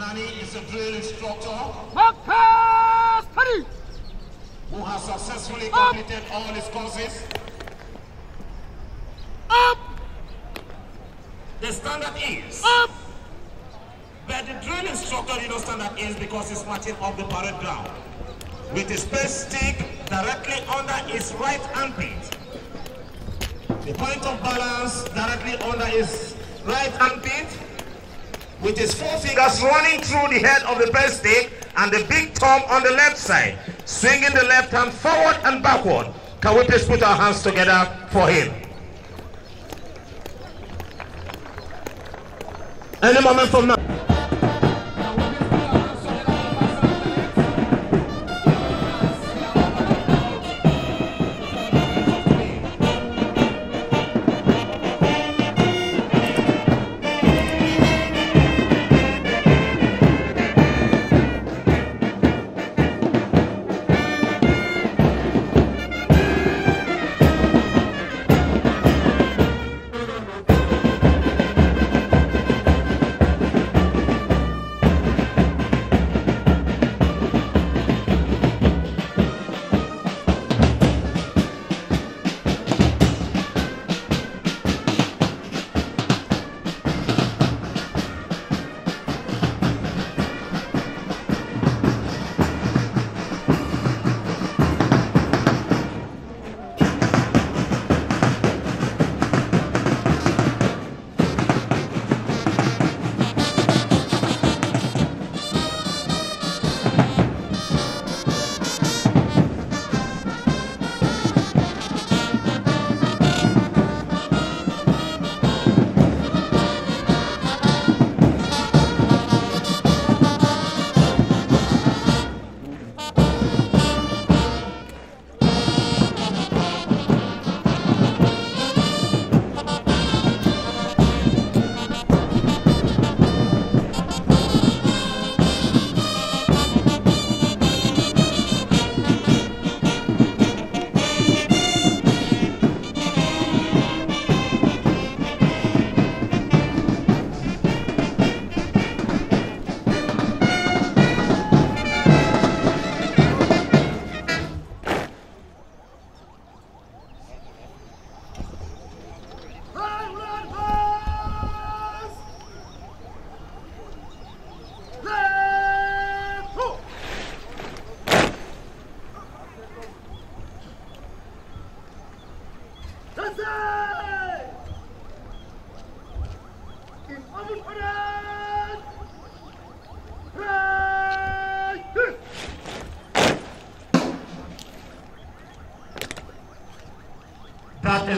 is a drill instructor who has successfully completed all his courses. Up. The standard is up. But the drill instructor, you know, standard is because he's marching up the parade ground with his space stick directly under his right armpit. The point of balance directly under his right armpit with his four fingers running through the head of the breaststick and the big thumb on the left side, swinging the left hand forward and backward. Can we please put our hands together for him? Any moment from now.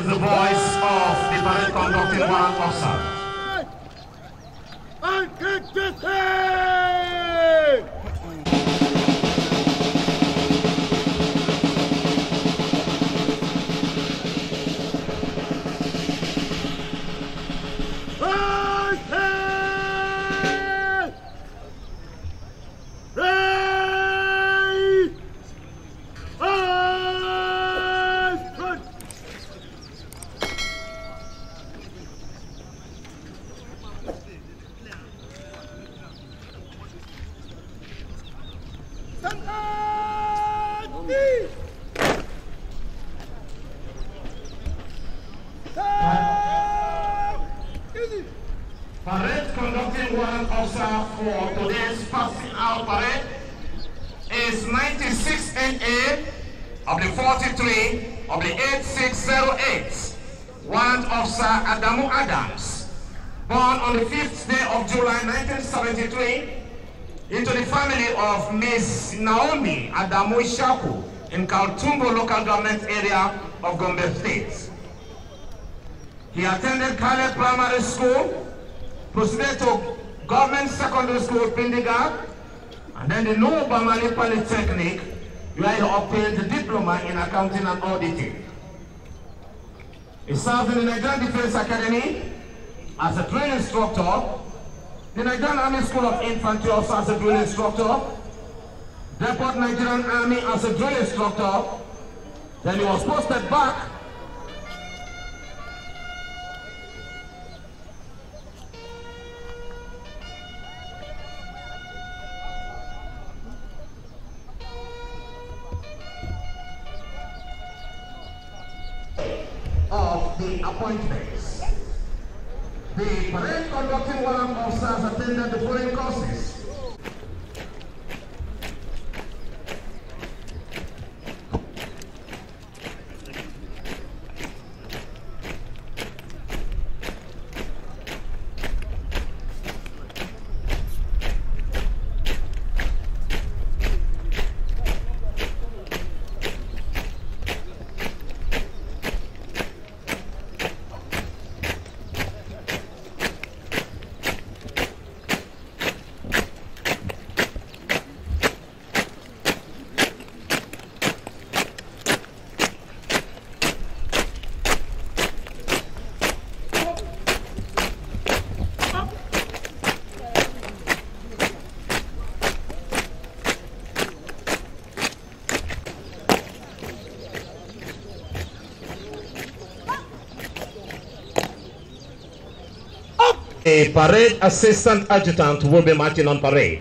is the voice of the parade conducting warrant officer. of Gombe State. He attended Kale Primary School, proceeded to Government Secondary School, Pindiga, and then the New Bamali Polytechnic, where he obtained a diploma in accounting and auditing. He served in the Nigerian Defense Academy as a drill instructor, the Nigerian Army School of Infantry also as a drill instructor, Depot Nigerian Army as a drill instructor, then he was step back a parade assistant adjutant will be marching on parade.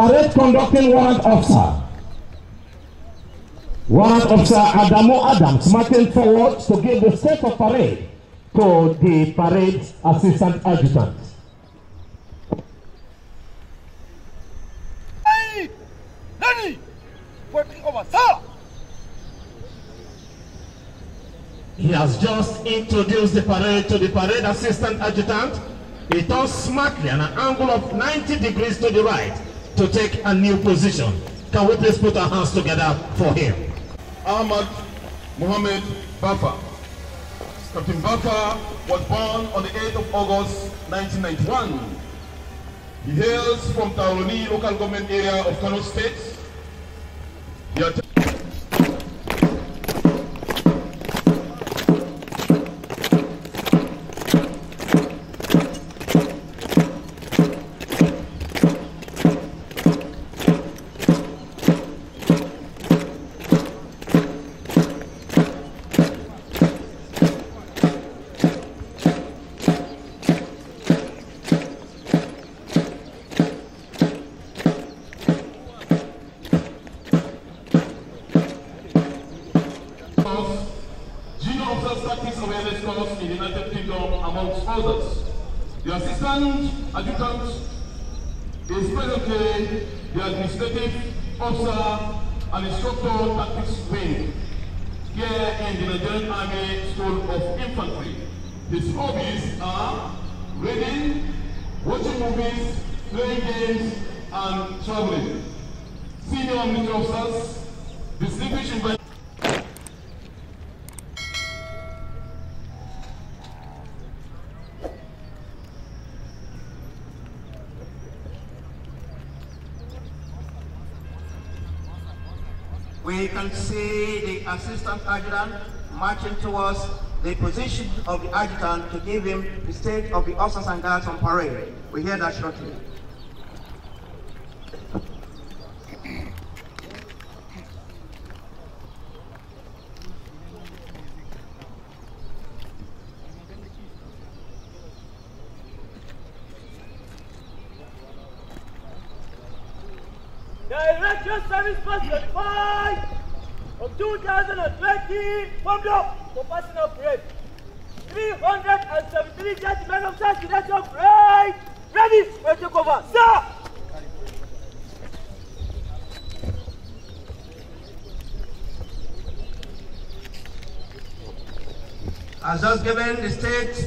Parade conducting warrant officer. Warrant officer Adamo Adams marching forward to give the state of parade to the parade assistant adjutant. Hey, Lenny, working over, sir. He has just introduced the parade to the parade assistant adjutant. He turns smartly at an angle of 90 degrees to the right to take a new position. Can we please put our hands together for him? Ahmad Muhammad Bafa. Captain Bafa was born on the 8th of August 1991. He hails from Taoloni local government area of Kano State assistant adjutant is presently the administrative officer and instructor tactics wing here in the Nigerian Army School of Infantry. His hobbies are reading, watching movies, playing games, and traveling. Senior military officers can see the assistant adjutant marching towards the position of the adjutant to give him the state of the officers and guards on parade. We hear that shortly.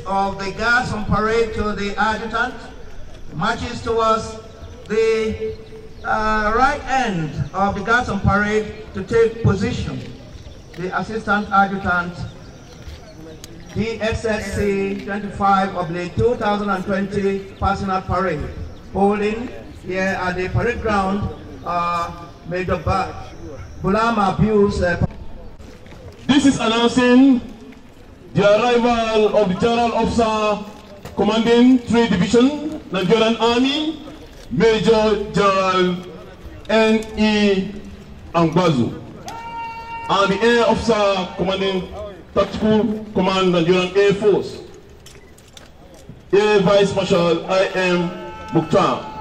of the guards on parade to the adjutant marches towards the uh, right end of the guards on parade to take position. The assistant adjutant DSSC 25 of the 2020 personal parade holding here at the parade ground uh, Major ba Bulama Abuse. Uh, this is announcing the arrival of the General Officer commanding 3 Division, Nigerian Army, Major General N.E. Angbazu, and the Air Officer commanding Tactical Command Nigerian Air Force, Air Vice Marshal I.M. Mukhtar.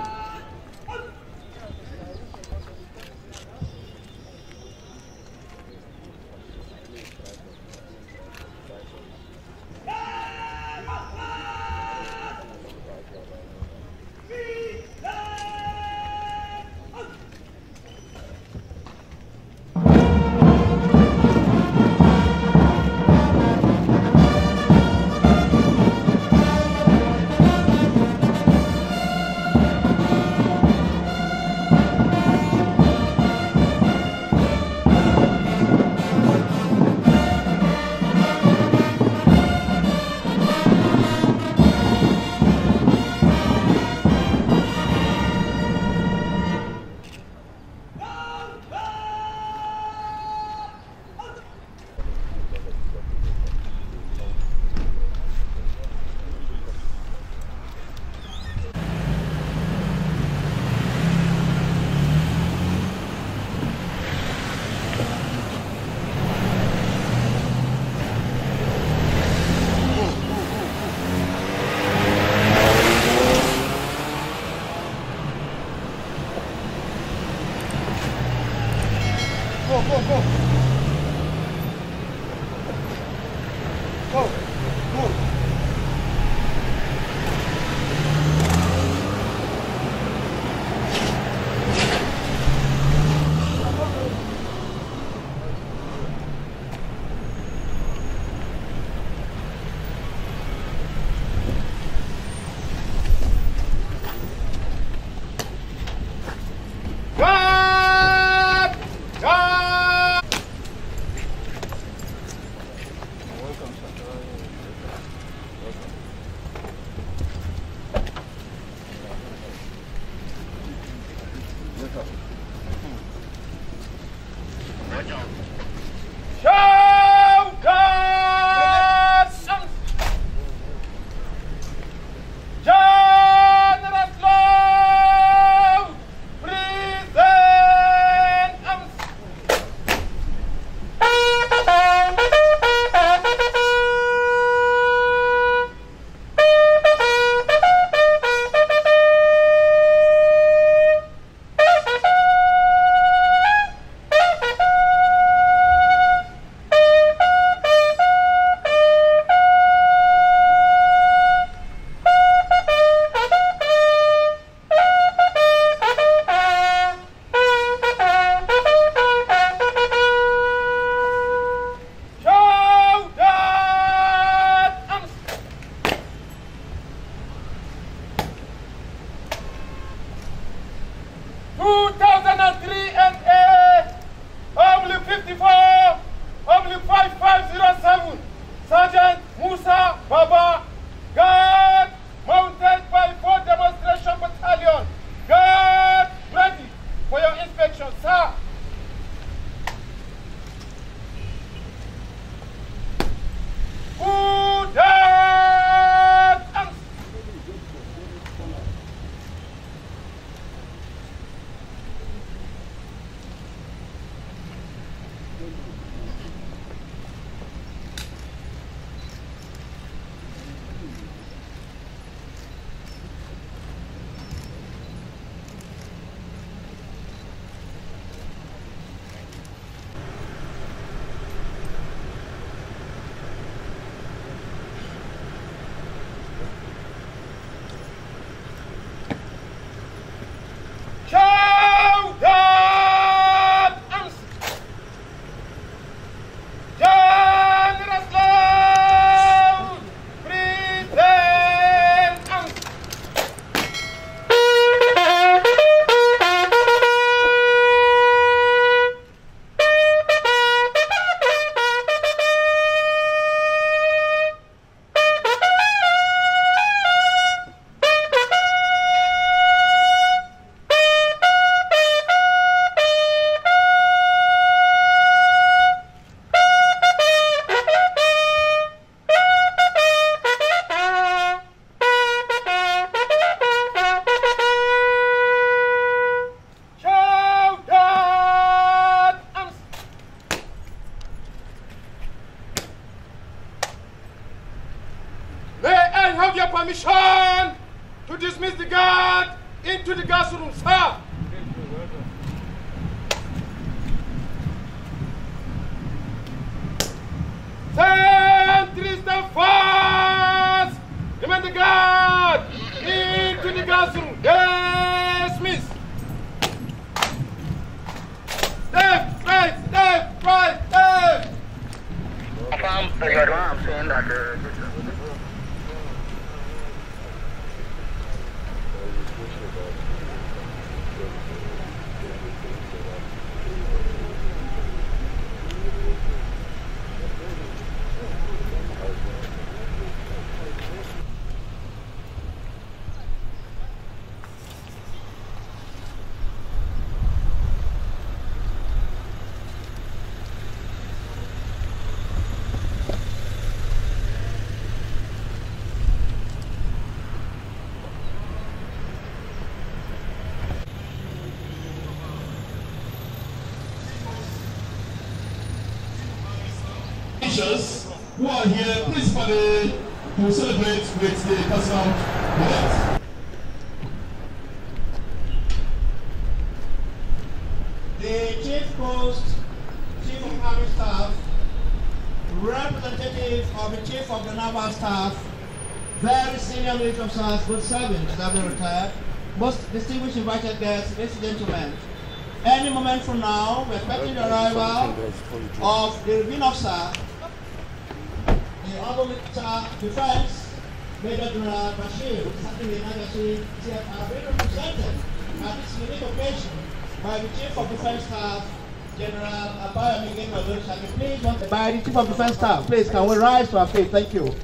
have your permission to dismiss the guard into the gas room, sir. Stand three step fast. Remain the guard into the gas room. Yes, miss. Left, right, left, right, left. I'm saying that. we celebrate with the custom The Chief Post, Chief of Army Staff, representative of the Chief of the Naval Staff, very senior military officers, good servants that have retired, most distinguished invited guests, ladies and gentlemen. Any moment from now, we're expecting the arrival of the Revenue Officer Defense, Major General Bashir, the chief, are being represented at this unique occasion by the Chief of Defense Staff, General Abayo Miguel Please, by the Chief of Defense Staff, please, can we rise to our feet? Thank you.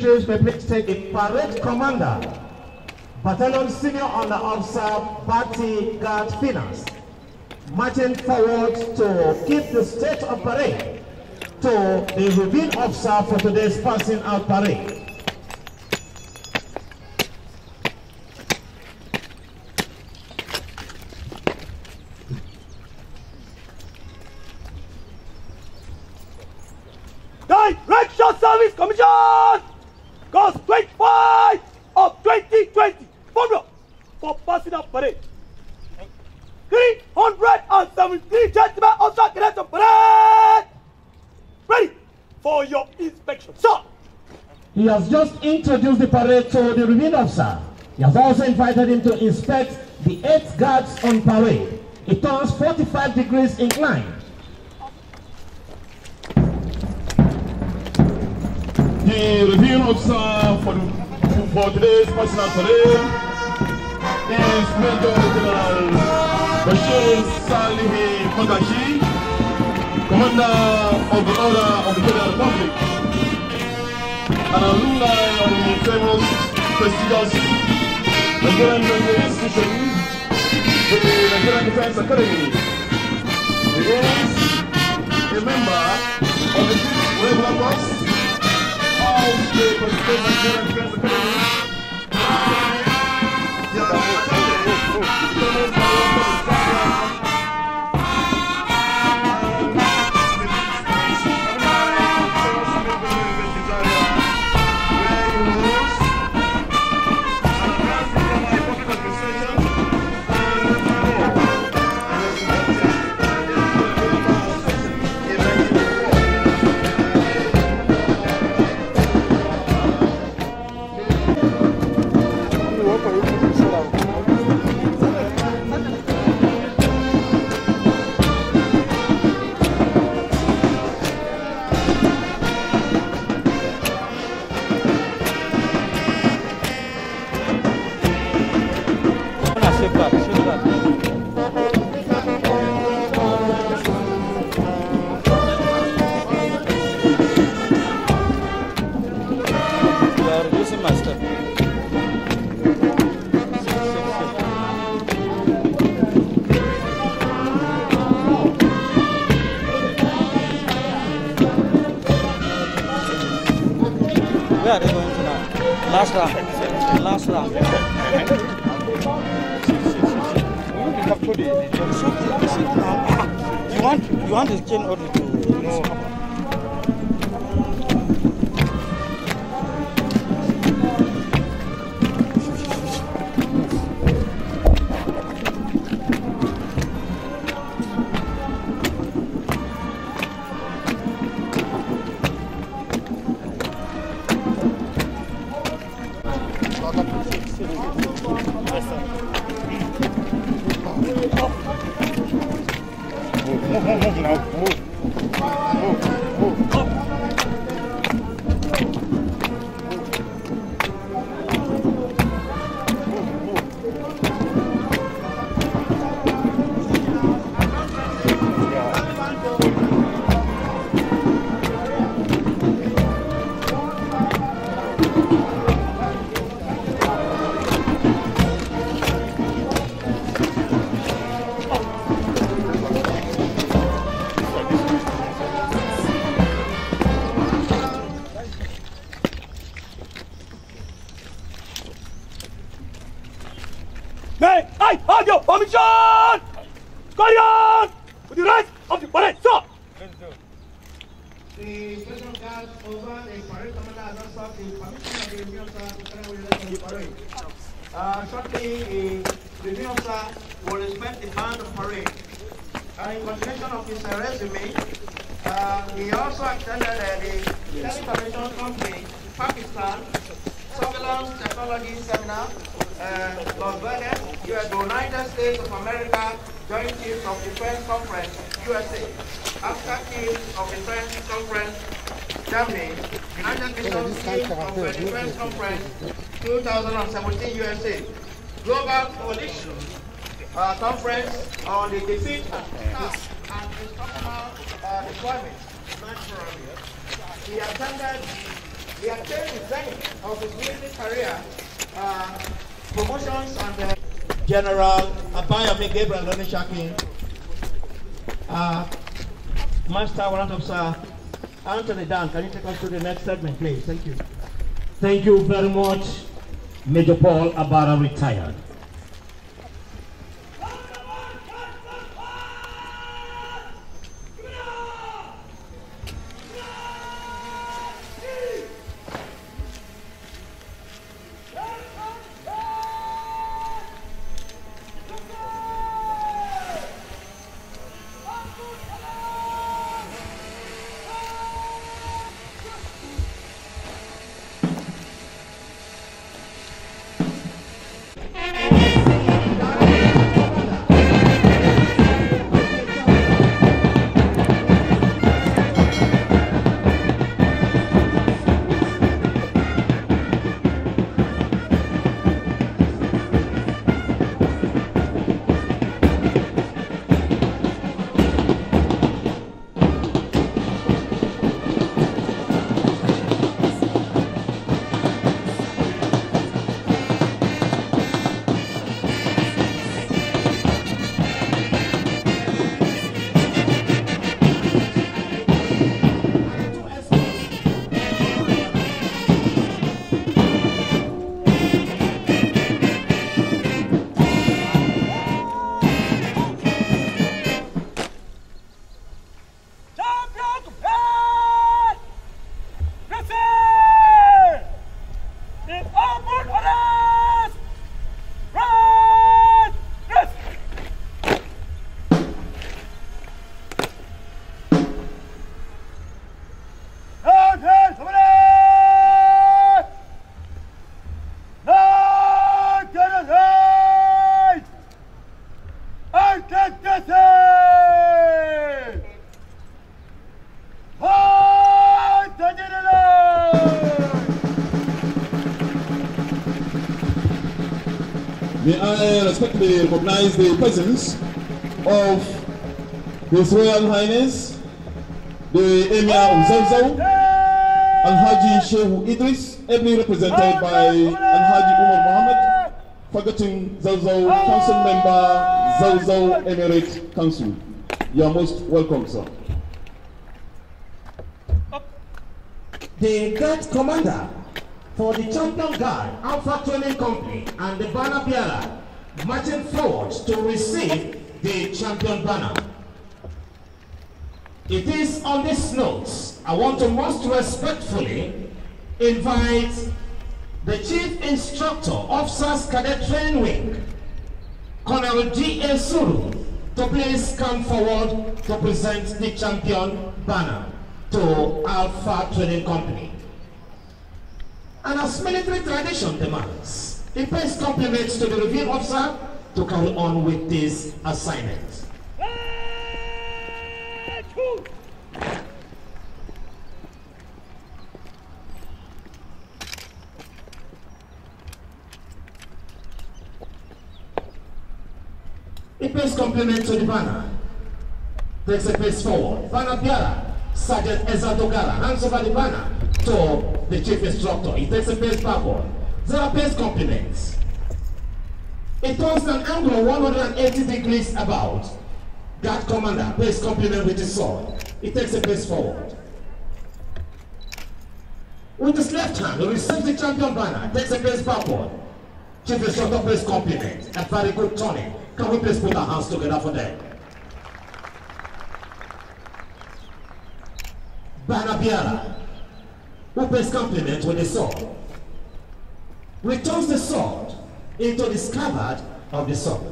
signatures please take a parade commander, battalion senior the officer Bati Guard Finance, marching forward to keep the state of parade to the reveal officer for today's passing out parade. introduced the parade to the Review officer. He has also invited him to inspect the eight guards on parade. It turns 45 degrees inclined. The reviewing officer for, the, for today's personal parade is Major General Bashir Salihi Kodashi, Commander of the Order of the General Republic alumni organizemos festivals de Grand Institution de the Nigerian Defense Academy. He is a member of the regular box of the Nigerian Defense Academy. Yeah, Mädchen und conference on the defeat of staff and informal uh, employment. He attended, he attained the zenith of his military career, uh, promotions and General Abayomi Gabriel Onishakin, uh, Master Warrant Officer Anthony Dan, can you take us to the next segment, please? Thank you. Thank you very much, Major Paul Abara, retired. I respectfully recognize the presence of His Royal Highness, the Emir of and Haji Shehu Idris, every represented by Haji Umar Mohammed, forgotten Zawzaw Council member, Zawzaw Emirate Council. You are most welcome, sir. The Guard Commander for the champion guard, Alpha Training Company, and the banner bearer, marching forward to receive the champion banner. It is on this note, I want to most respectfully invite the Chief Instructor, Officers Cadet Training Wing, Colonel G. A. Suru, to please come forward to present the champion banner to Alpha Training Company and as military tradition demands, he pays compliments to the review officer to carry on with this assignment. He pays compliments to the banner, takes a pace forward. Banner Piara Sergeant Ezra Dogara hands over the banner to the chief instructor. He takes a pace backward. There are pace compliments. It turns an angle 180 degrees about. Guard commander pace compliment with his sword. He takes a pace forward. With his left hand, he receives the champion banner, takes a pace backward. Chief instructor pace compliment. A very good turning. Can we please put our hands together for them? Banabiara, who pays compliment with the sword, returns the sword into the scabbard of the sword.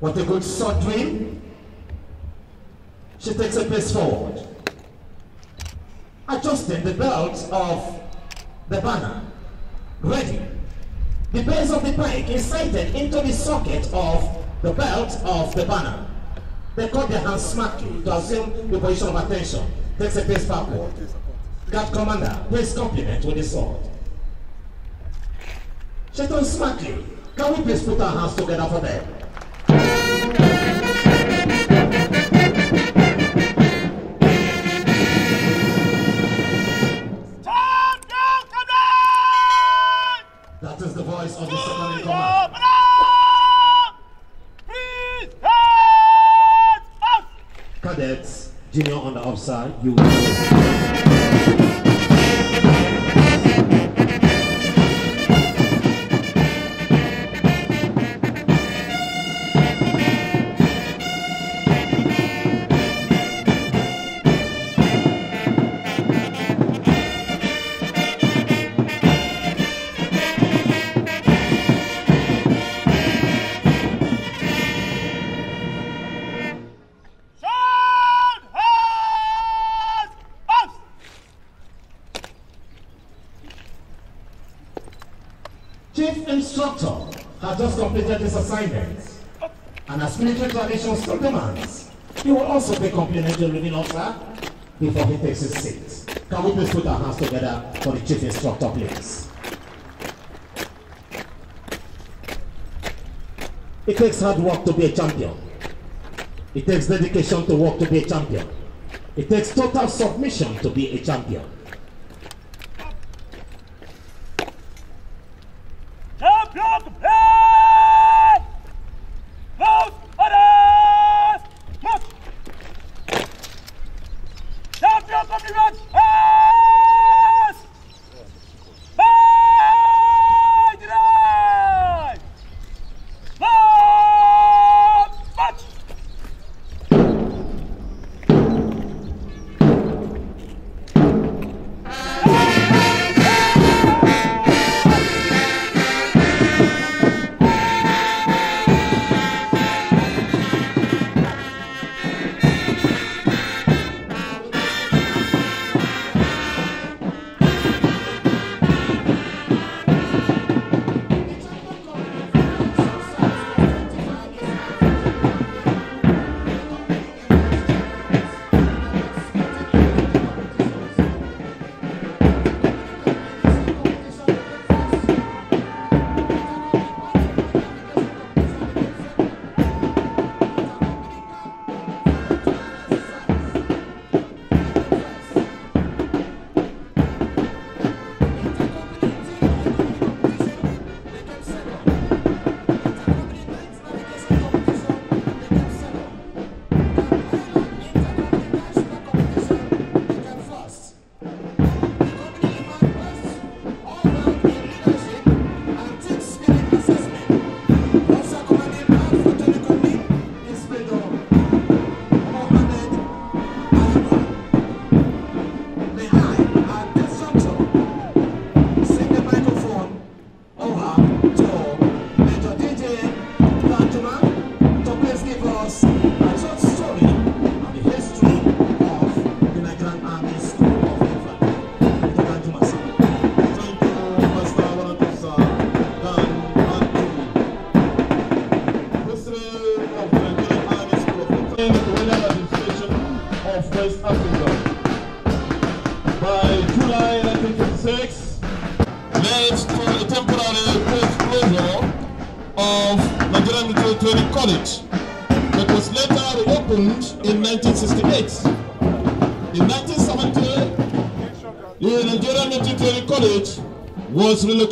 What a good sword dream. She takes a pace forward, adjusting the belt of the banner, ready the base of the pike is sighted into the socket of the belt of the banner. They cut their hands smartly to assume the position of attention. Takes a pace backward. Guard commander please compliment with the sword. She turns smartly. Can we please put our hands together for them? the living officer before he takes his seat. Can we please put our hands together for the chief instructor, please? It takes hard work to be a champion. It takes dedication to work to be a champion. It takes total submission to be a champion.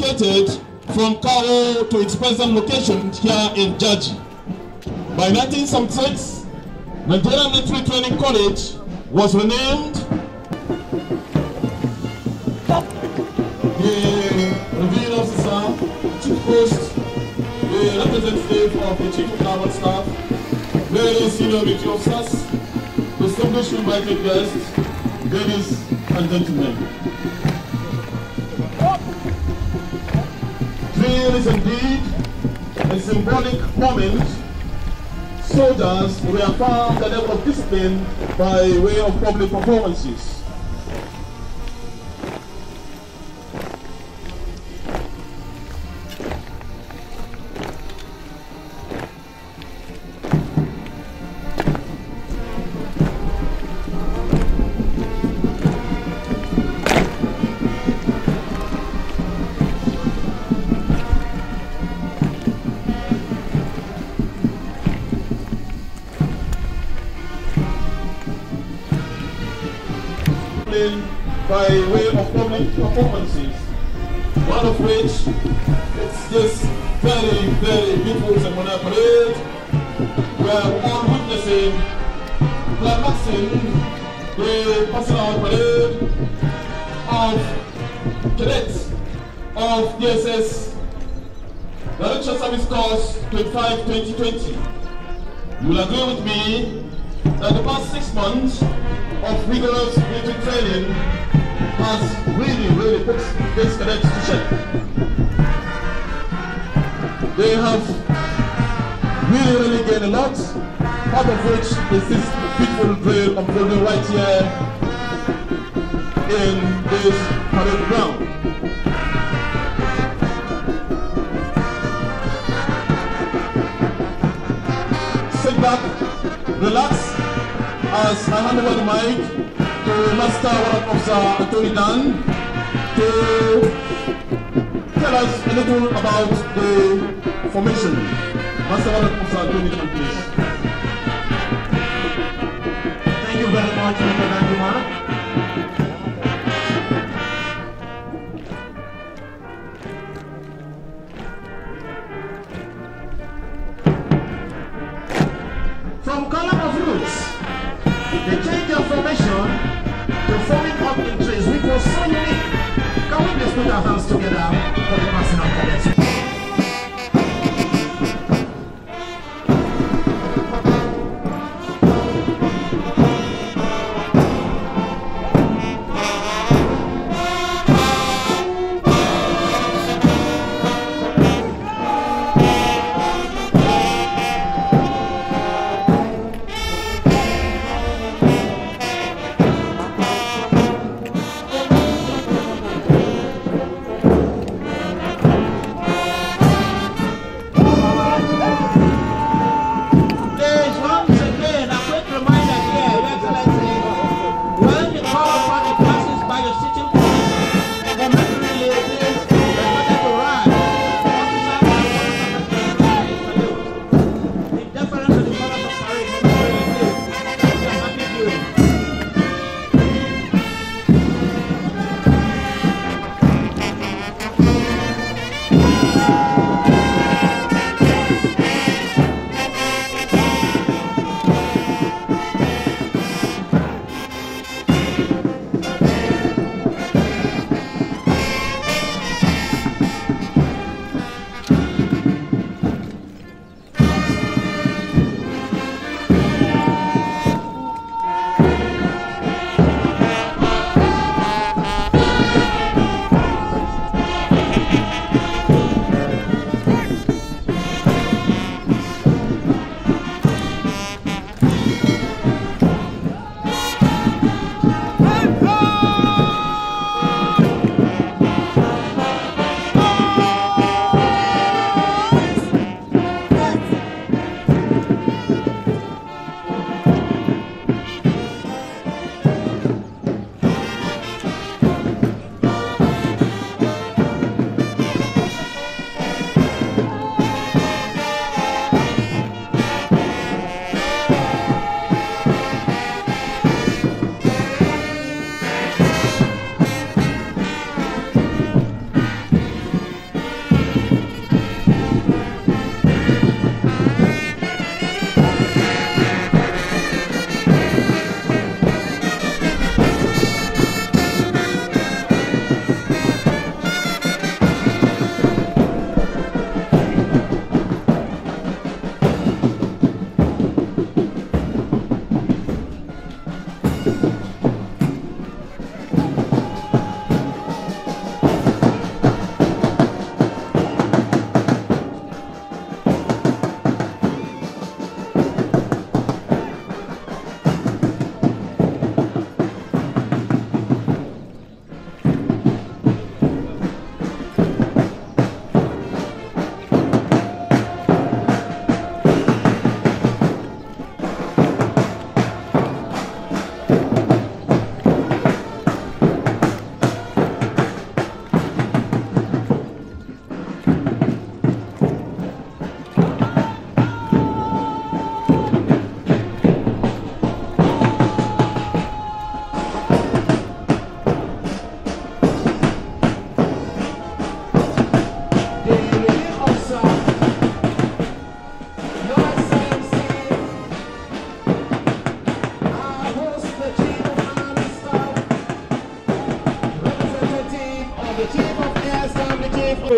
relocated from Kao to its present location here in Jaji. By 1976, Nigerian Military Training College was renamed the Reveal Officer, Chief Post, the representative of the Chief of Naval Staff, various senior military officers, distinguished invited guests, ladies and gentlemen. meal is indeed a symbolic moment. Soldiers reaffirm the level of discipline by way of public performances. by way of public performances. One of which is this very, very beautiful ceremonial parade where all witnessing climaxing the personal parade of cadets of DSS the Service Course 25-2020. You will agree with me that the past six months of rigorous military training has really, really put this cadets to check. They have really, really gained a lot, part of which is this beautiful drill I'm right here in this parade ground. as I hand over the mic to Master Warrant Officer Anthony Dan to tell us a little about the formation. Master Warrant Officer Anthony Dan, please. Thank you very much.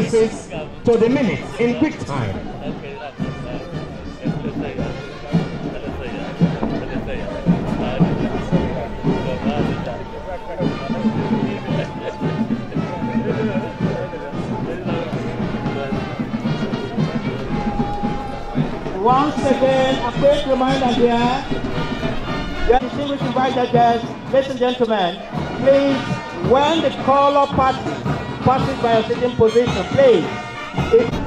places to the minute in quick time. Once again, a quick reminder here, your distinguished invited guests, ladies and gentlemen, please, when the caller party passes by a certain position, play.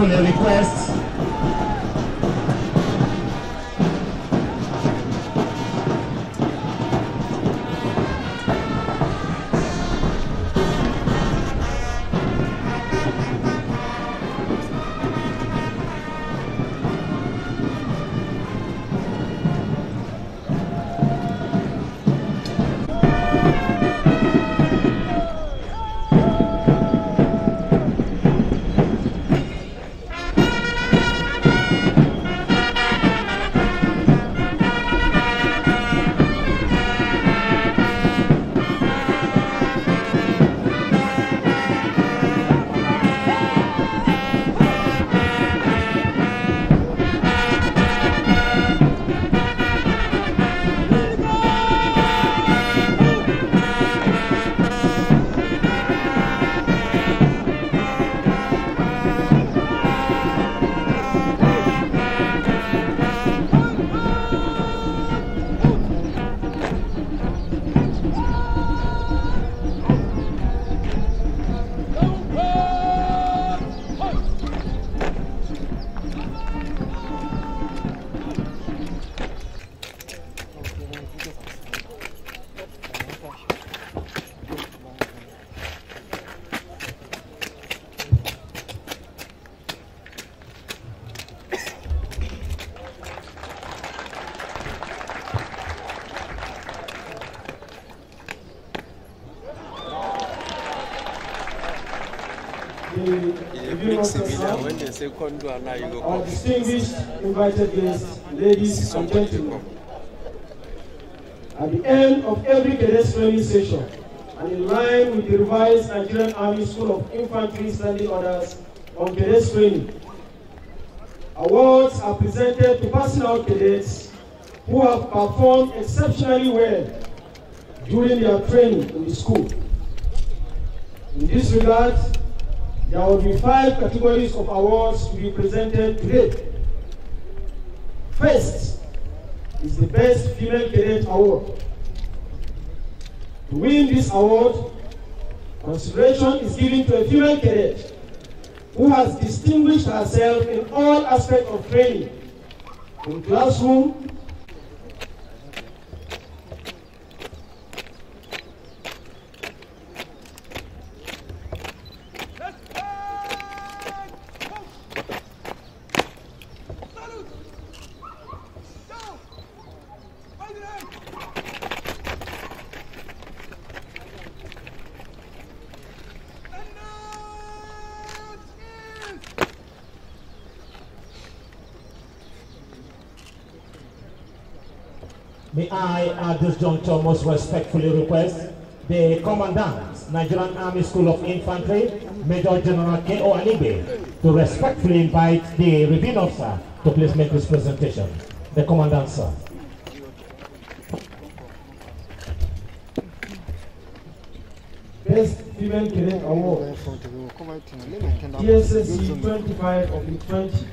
for their requests. Our distinguished invited guests, ladies and gentlemen, at the end of every cadet training session, and in line with the revised Nigerian Army School of Infantry Standing Orders on Cadet training, awards are presented to personal cadets who have performed exceptionally well during their training in the school. In this regard, There will be five categories of awards to be presented today. First is the Best Female Cadet Award. To win this award, consideration is given to a female cadet who has distinguished herself in all aspects of training, from classroom May I, at this juncture, most respectfully request the Commandant, Nigerian Army School of Infantry, Major General K.O. Alibe, to respectfully invite the Ravine Officer to please make his presentation. The Commandant, sir. Best Female Cadet Award, TSSC 25 of the 20.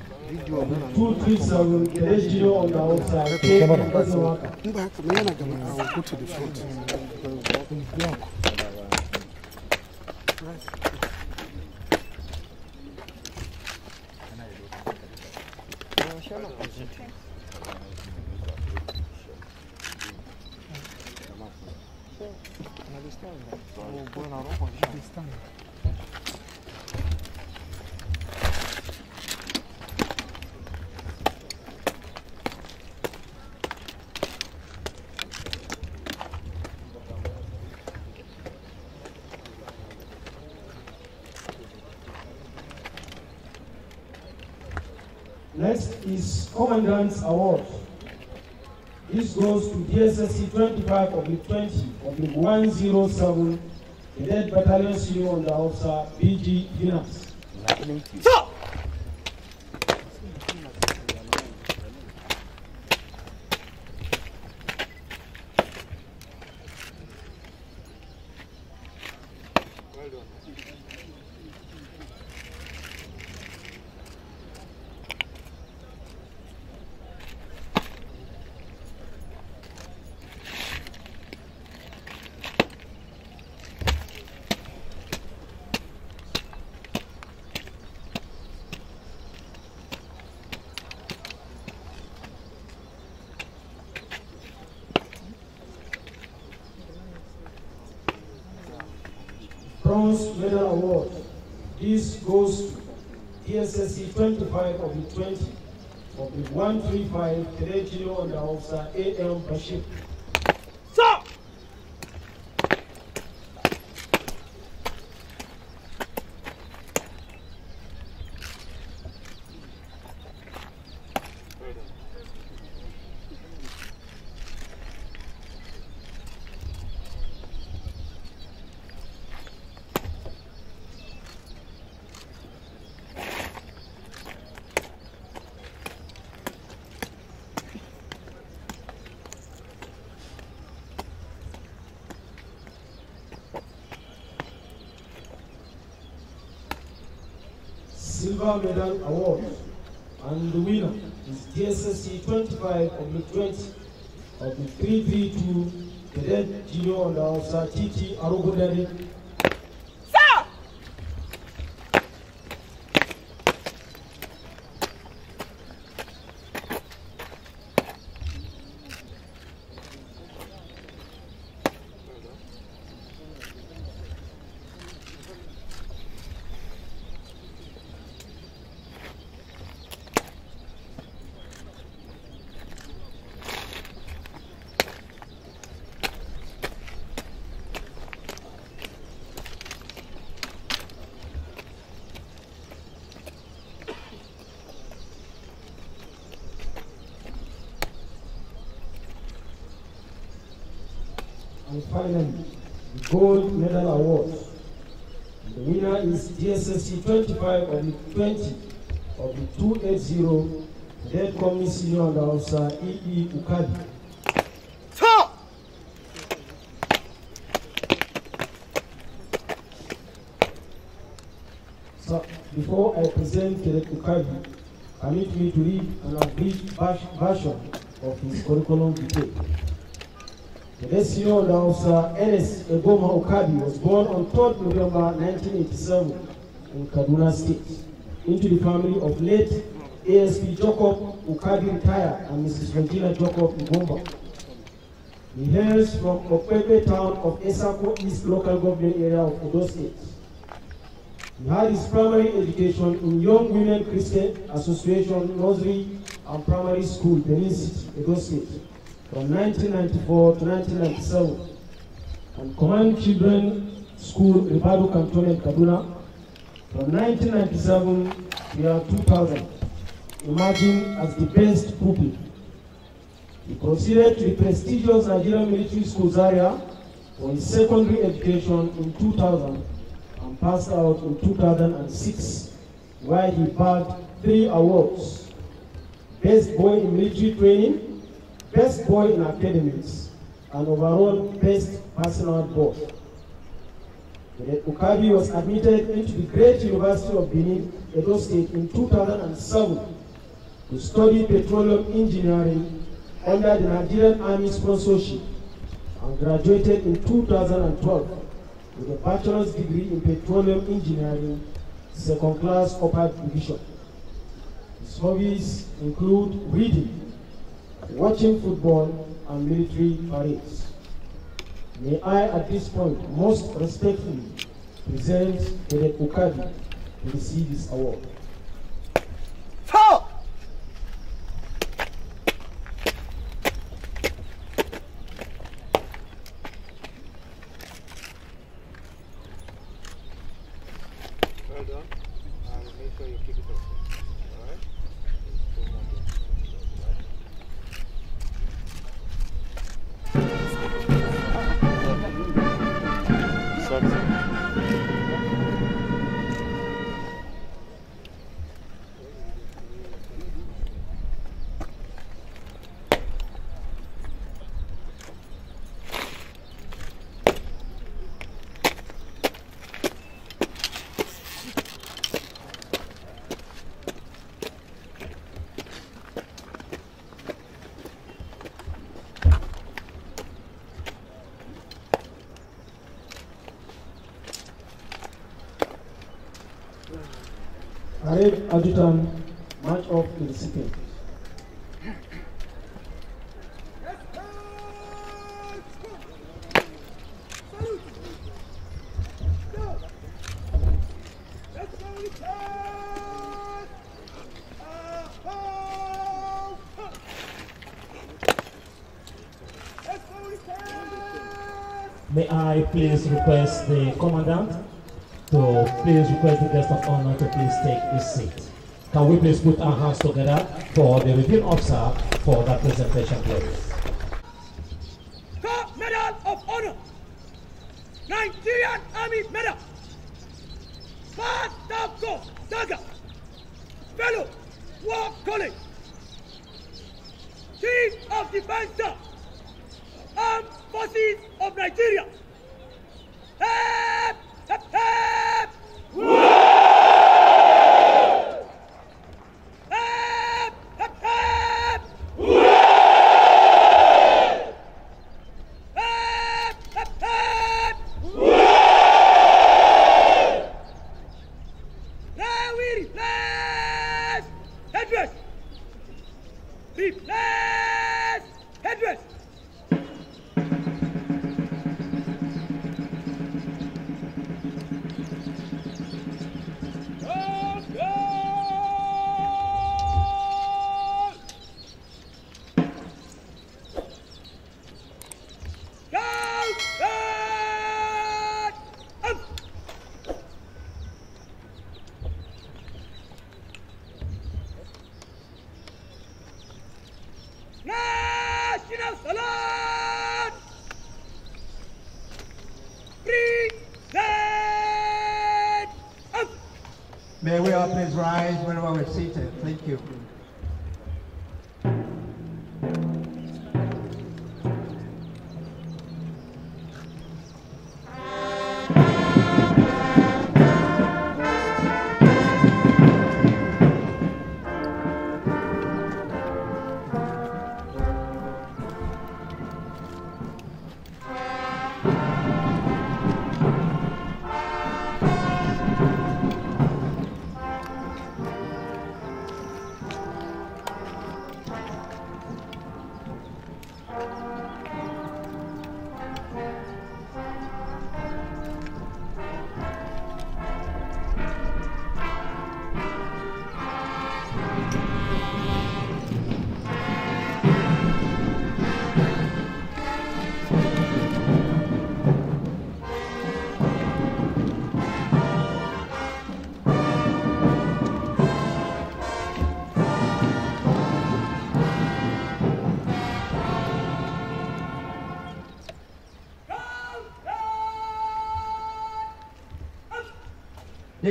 two things I the let you on the outside. Okay, it doesn't matter. I will go to the front. Commandant's Award. This goes to DSSC 25 of the 20 of the 107 Cadet Battalion Senior Under Officer BG Dinas. Bronze Medal Award. This goes to DSSC 25 of the 20 of the 135 Terechilo under Officer A.M. Bashir. silver medal award and the winner is DSSC 25 of the 20 of the 332 Cadet Junior and Officer TT Arugudari And finally, the Gold Medal Award. And the winner is DSSC 25 of the 20 of the 280 Dead Commission and Officer E.E. Ukadi. So, before I present Kenneth Ukadi, permit me to read an abridged version of his curriculum vitae. Desio Lausa Enes Egoma Okabi was born on 3rd November 1987 in Kaduna State into the family of late ASP Jacob Okabi Ritaya and Mrs. Regina Jacob Ugomba. He hails from Okwepe town of Esako East local government area of Odo State. He had his primary education in Young Women Christian Association Nursery and Primary School, Benin City, Edo State from 1994 to 1997 and Command Children School, Ribadu Cantonment, Kaduna, from 1997 to year 2000, emerging as the best pupil. He proceeded to the prestigious Nigerian Military School Zaria for his secondary education in 2000 and passed out in 2006, where he bagged three awards, Best Boy in Military Training, best boy in academies, and overall best personal boy. Ukabi was admitted into the great University of Benin, Edo State, in 2007 to study petroleum engineering under the Nigerian Army sponsorship and graduated in 2012 with a bachelor's degree in petroleum engineering, second class upper division. His hobbies include reading, watching football and military parades. May I at this point most respectfully present Kenneth Okabi to receive this award. Adjutant, march off May I please request the commandant of honor to please take his seat. Can we please put our hands together for the review officer for that presentation, please? Medal of Honor, Nigerian Army Medal.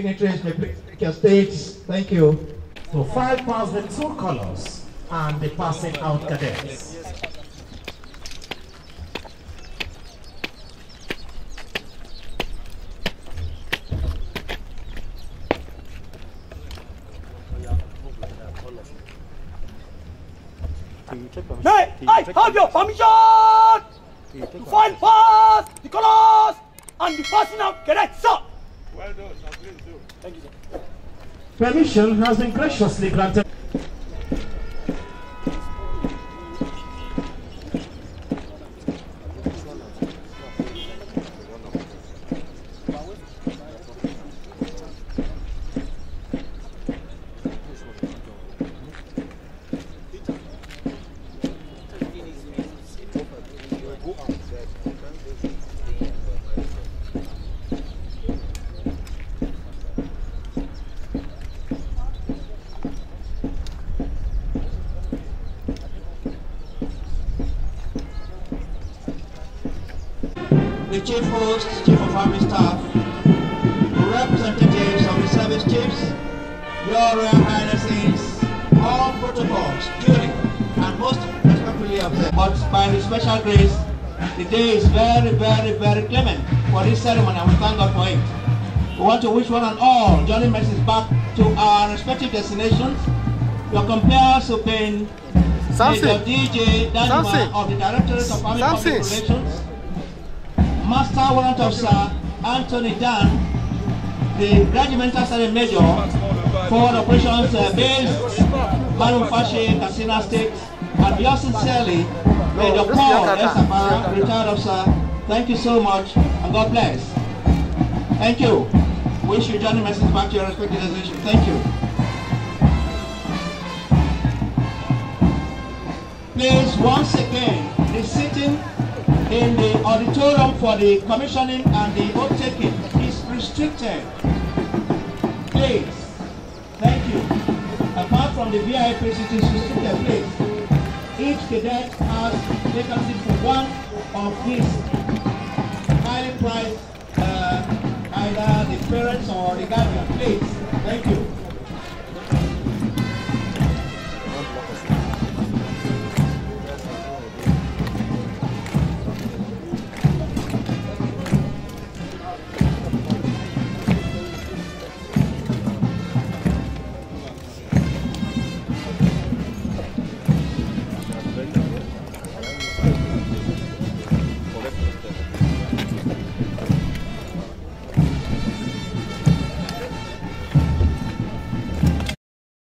dignitaries, your states. Thank you. So five pass with two colors and the passing out cadets. Hey, I have your permission to find first the colors and the passing out cadets. Permission has been graciously granted. the chief host, chief of army staff, representatives of the service chiefs, your royal highnesses, all protocols, duty, and most respectfully observed. But by his special grace, the day is very, very, very clement for this ceremony, and we thank God for it. We want to wish one and all jolly messages back to our respective destinations. Your compares to pain Samson. DJ Danima of the Directorate of Family Public Relations. Master Warrant Officer Anthony Dan, the Regimental Sergeant Major for Operations uh, Base, Malumfashi, Casino State, and yours sincerely, Major Paul S. retired officer. Thank you so much, and God bless. Thank you. Wish you journey message back to your respective destination. Thank you. Please, once again, the sitting in the auditorium for the commissioning and the oath taking is restricted. Please, thank you. Apart from the VIP, it is restricted. Please, each cadet has vacancy for one of these highly prized, uh, either the parents or the guardian. Please, thank you.